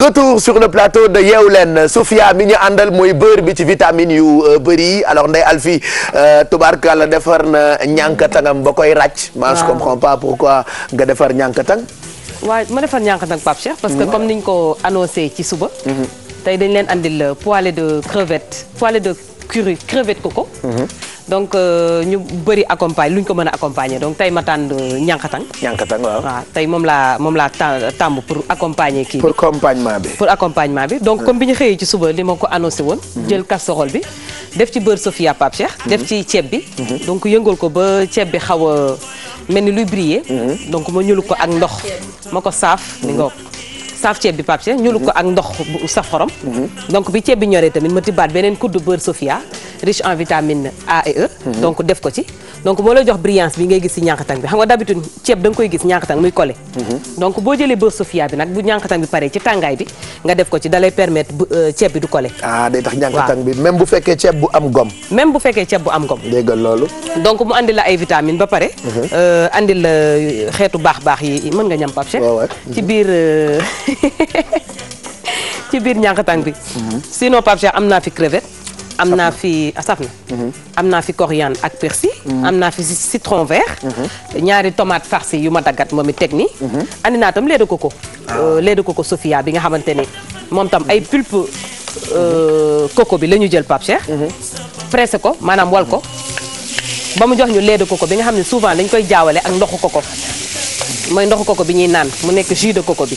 retour sur le plateau de Yeewu Leen Sofia mi ñu àndal mooy beurre bi ci vitamine yu euh, bëri yi alors Ndeye Alfi euh, la defar na ñànkatangam ba koy ràcc. waaw je comprends pas pourquoi nga defar ñànkatang. waaw ma defar ñànkatang Pape Cheikh. parce que mm-hmm. comme niñ ko annoncé ci suba. Mm-hmm. tey dañ leen andil euh, poêlée de crevette poêlée de curry crevette coco. Mm-hmm. donc euh, ñu bëri accompagne lu ñu ko mën a accompagner donc tey ma tànn ñànkatang euh, ñànkatang waaw tey moom laa moom laa tàmb pour accompagner kii pour accompagnement bi pour accompagnement bi donc comme bi ñu xëyee ci suba li ma ko annoncé woon mhm. jël casserole bi def ci bër Sofia Pape Cheikh mhm. def ci ceeb bi mhm. donc yëngal ko ba ceeb bi xaw a mel ni luy briller donc ma ñulu ko ak ndox ma ko saaf ni nga saaf ceeb bi Pape Cheikh ko ak ndox bu saf xorom mhm. donc bi ceeb bi ñoree tamit ma tibbaat beneen kuddu beurre Sofia riche en vitamine A et E mhm. donc def ko ci donc moo lay jox brillance bi ngay gis si ñànkatang bi xam nga d'habitude ceeb da nga koy gis ñànkatang muy collé mhm. donc boo jëlee beurre Sofia bi nag bu ñànkatang bi paree ci tàngaay bi nga def ko ci dalay permettre euh, ceeb bi du collé ah day tax ñànkatang bi même bu fekkee ceeb bu am gom même bu fekkee ceeb bu am gom déggal loolu donc mu andi la ay vitamine ba pare euh, andi la xeetu baax baax yi mën nga ñam Pape Cheikh ci biir euh, ci biir ñànkatang bi. Mhm. sinon Pape am naa fi crevette. am naa fi ah, saf na. Mhm. am naa fi coriandre ak persil. Mhm. am naa fi citron vert. ñaari tomate farci yu ma daggat moom it teg nii. andi tam lait de coco. Ah. Euh, lait de coco Sofia bi nga xamante ni moom tam ay pulpe euh, coco bi la ñu jël Pape Cheikh. pressé ko maanaam wal ko. ba mu jox ñu lait de coco bi nga xam ne souvent dañ koy jaawale ak ndoxu coco mooy ndoxu coco bi ñuy naan mu nekk jus de coco bi.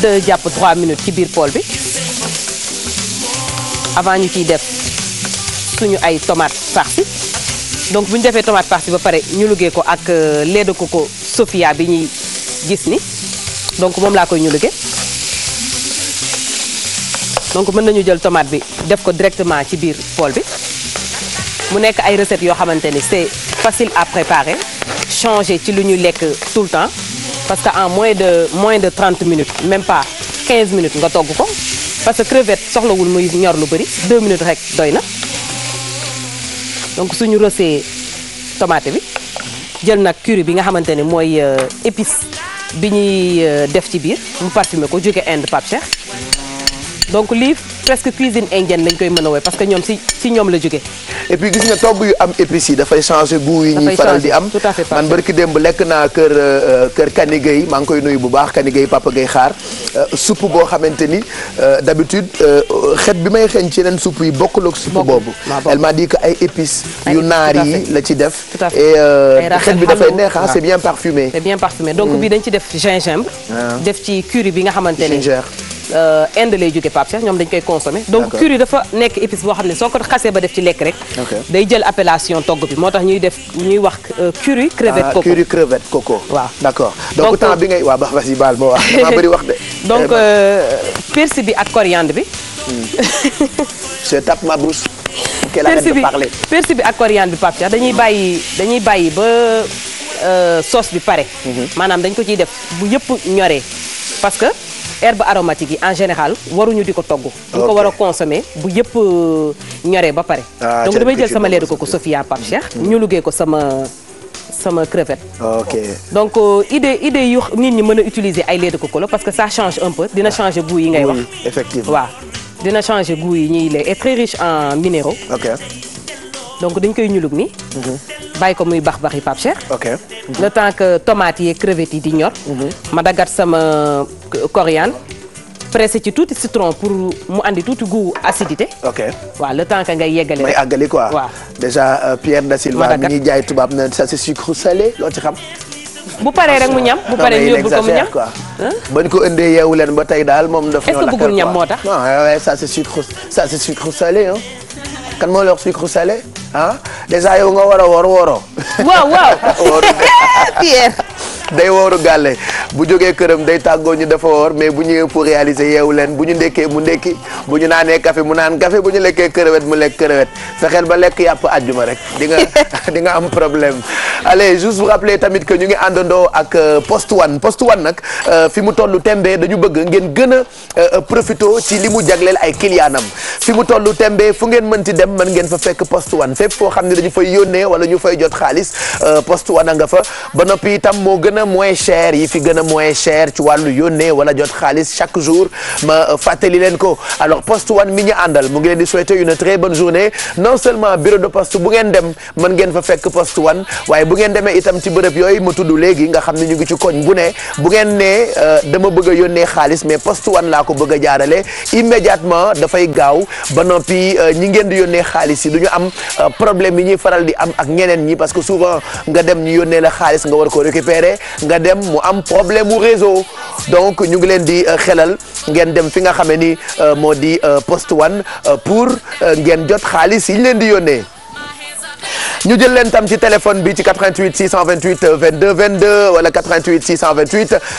deux jàpp trois minutes ci biir pool bi avant ñu ciy def suñu ay tomate farci donc bu ñu defee tomate farci ba pare ñu liggéey ko ak euh, lait ko ko Sofia bi ñuy gis ni donc moom laa koy ñu liggéey donc mën nañu jël tomate bi def ko directement ci biir pool bi mu nekk ay recettes yoo xamante ni c'est facile à préparer changer ci lu ñuy lekk tout le temps parce que en moins de moins de 30 minutes même pas 15 minutes nga togg ko parce que crevette soxlawul muy ñor lu bëri 2 minutes rek doy na donc suñu rosee tomate bi jël nag curry bi nga xamante ne mooy euh, épice bi ñuy euh, def ci biir mu parfumé ko jóge Inde Pape donc lii presque cuisine indienne lañ koy mën a woy parce que ñoom si ñoom la jóge et puis gis nga togg yu am épices yi dafay changer goût yi ñuy faral di am man barki démb lekk naa kër euh, kër Kani Gueye maa ngi koy nuyu bu baax Kani Gueye Papa Gueye xaar euh, supp boo xamante ni euh, d'habitude xet bi may xeeñ ci yeneen supp yi bokkul ak supp boobu ah, elle m'a dit que ay épices yu naar yi la ci def et xet bi dafay neex ah, c'est bien parfumé c'est bien parfumé donc mm. bii dañ ci def gingembre ah. def ci curry bi nga xamante ne Euh, Inde lay jóge Pape Cheikh ñoom dañ koy consommer donc curry dafa nekk épice boo xam ne soo ko xasee ba def ci lekk rek day jël appellation togg bi moo tax ñuy def ñuy wax euh, ah, curry crevette coco curry crevette donc temps bi ngay euh, waaw baax basi baal moo wax damaa bëri wax de donc eh bi ak coriandre bi je hmm. tape ma brousse persil bi persil bi ak coriandre bi Pape Cheikh dañuy bàyyi dañuy bàyyi ba sauce bi pare mhm. maanaam dañ ko ciy def bu yëpp ñoree parce herbe aromatique yi en général waruñu di ko togg duñ ko war a consommer bu yëpp euh, ñoree ba pare ah, donc damay jël sama leedu koko Sophia Pape Cheikh hmm. ñu liggéey ko sama sama crevette. donc euh, idée idée yu nit ñi mën a utiliser ay lait de coco la parce que sa change un peu dina ah. changer goût yi ngay wax. effectivement dina changer goût yi ñuy lait est très riche en minéraux. ok donc dañ koy ñulug ni mhm. bàyyi ko muy bax baxi Pape Cheikh. ok le temps que tomates yi crevettes yi di ñor. Mhm. ma dagat sama euh, coriandre. pressé ci tuuti citron pour mu andi tuuti goût acidité. ok waaw le temps ngay yeggale. may àggali quoi waaw déjà euh, Pierre da Silva mi ñuy jaay tubaab na sa c'est sucre salé loo ci xam. bu pare rek mu ñam bu paree ñu yóbbu ko mu ñam bañ ko indee yeewu leen ba tey daal moom daf ñoo lakkal quoi ñam moo tax. sa ça c'est sucre ça c'est moo la wax sucre ah dèjà yow nga war a woor wooroo. waaw waaw. Pierre. day wooru gàlle bu jógee këram day tàggoo ñu dafa woor mais bu ñëwee pour réaliser yeewu leen bu ñu ndekkee mu ndekki bu ñu naanee kafe mu naan café bu ñu lekkee crevette mu lekk crevette fexeel ba lekk yàpp àjjuma rek di nga di nga am problème allez juste vous rappeler tamit que ñu ngi àndandoo ak euh, Post One Post One nag euh, fi mu tollu tembee dañu bëgg ngeen gën a euh, profité ci li mu jagleel ay kiliyaanam fi mu toll tembe fu ngeen mën ti dem man ngeen fa fekk Post One fépp foo xam ne dañu fay yónnee wala ñu fay jot xaalis Post One a nga fa ba noppi itam moo gën a moins cher yi fi gën a moins cher ci wàllu yónnee wala jot xaalis chaque jour ma fàttali leen ko alors Poste One mi ñu àndal mu ngi leen di souhaiter une très bonne journée non seulement bureau de poste bu ngeen dem mën ngeen fa fekk Poste One waaye bu ngeen demee itam ci bërëb yooyu ma tudd léegi nga xam ne ñu ngi ci koñ bu ne bu ngeen nee euh, dama bëgg a yónnee xaalis mais Poste One laa ko bëgg a jaarale immédiatement dafay gaaw ba noppi euh, ñi ngeen di yónnee xaalis yi du ñu am euh, problème yi ñuy faral di am ak ñeneen ñi parce que souvent nga dem ñu yónnee la xaalis nga war ko récupérer nga dem mu am problème mu réseau donc ñu ngi leen di euh, poste one euh, pour euh, ngeen jot xaalis yi leen di yónnee. ñu jël leen tam ci téléphone bi ci 88 628 22 22 wala 88 628.